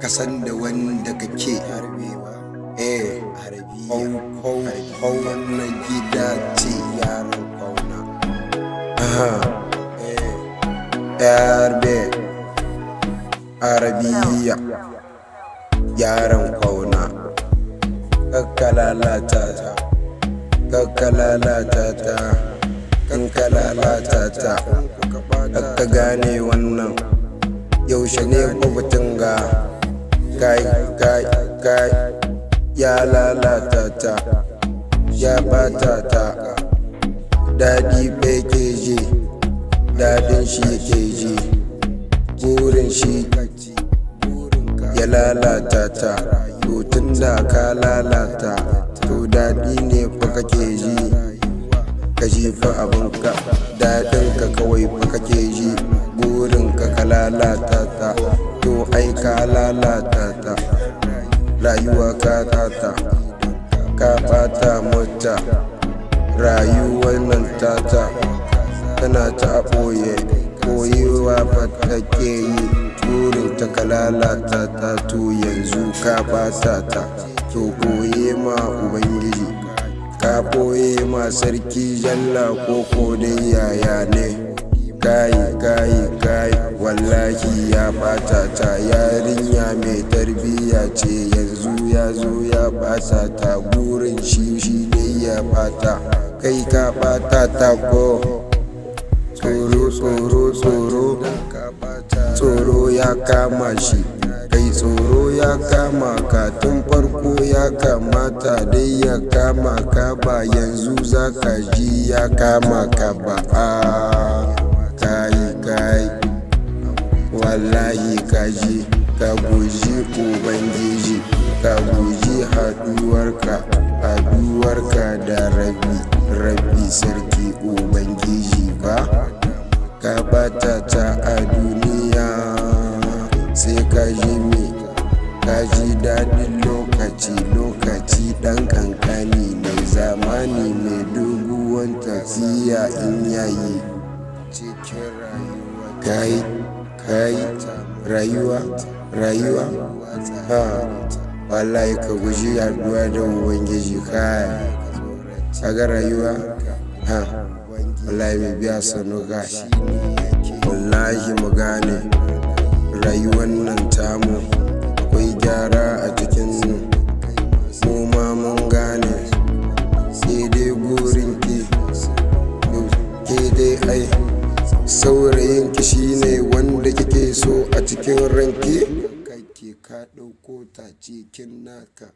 ka san da wanda kake eh kwau kwau na gida ce yaran kwauna eh, yarbe arabiya yaran kwauna kakkalalata ta kakkalalata ta kakkalalata ta ka gane wannan yaushe ne mutum ga kai kai kai ya lalata ta ya bata ta daɗi bai ke ji daɗin shi ke ji burin shi ya lalata ta to tun da ka lalata to daɗi ne fa kake ji ka ji fa daɗin ka kawai fa kake ji lalatata to ai ka lalatata rayuwa ka tata ka bata mata rayuwar nan tata tana ta ɓoye koyewa ba ta ke yi turin ta ka lalatata to yanzu ka bata ta to koye ma ubangiji ka koye ma sarki jalla ko dai yaya ne kayi kayi wallahi ya ɓata ta yarinya mai tarbiyya ce yanzu ya zo ya ɓata ta burin shi shi dai ya ɓata kai ka ɓata ta ko tsoro tsoro tsoro tsoro ya kama shi kai tsoro ya kama ka tun farko ya kamata dai ya kama ka ba yanzu za ka ji ya kama ka ba ah. kaji ka goji ubangiji ka goji haduwarka haduwarka da rabi rabi sarki ubangiji ba ka bata ta a duniya sai ka ji me ka ji daɗin lokaci lokaci ɗan kankani mai zamani mai doguwan tafiya in yayi cikin rayuwa ka yi. rayuwa rayuwa ha wallahi ka guji yaduwa da ubangiji kai ga rayuwa ha wallahi mai biya sanu gashi wallahi mu gane rayuwan nan tamu akwai gyara a cikin mu ma mun gane sai dai gurin ki ke dai ai saurayin ki shine wanda kike so a cikin ranki kake ka ɗauko ta cikin naka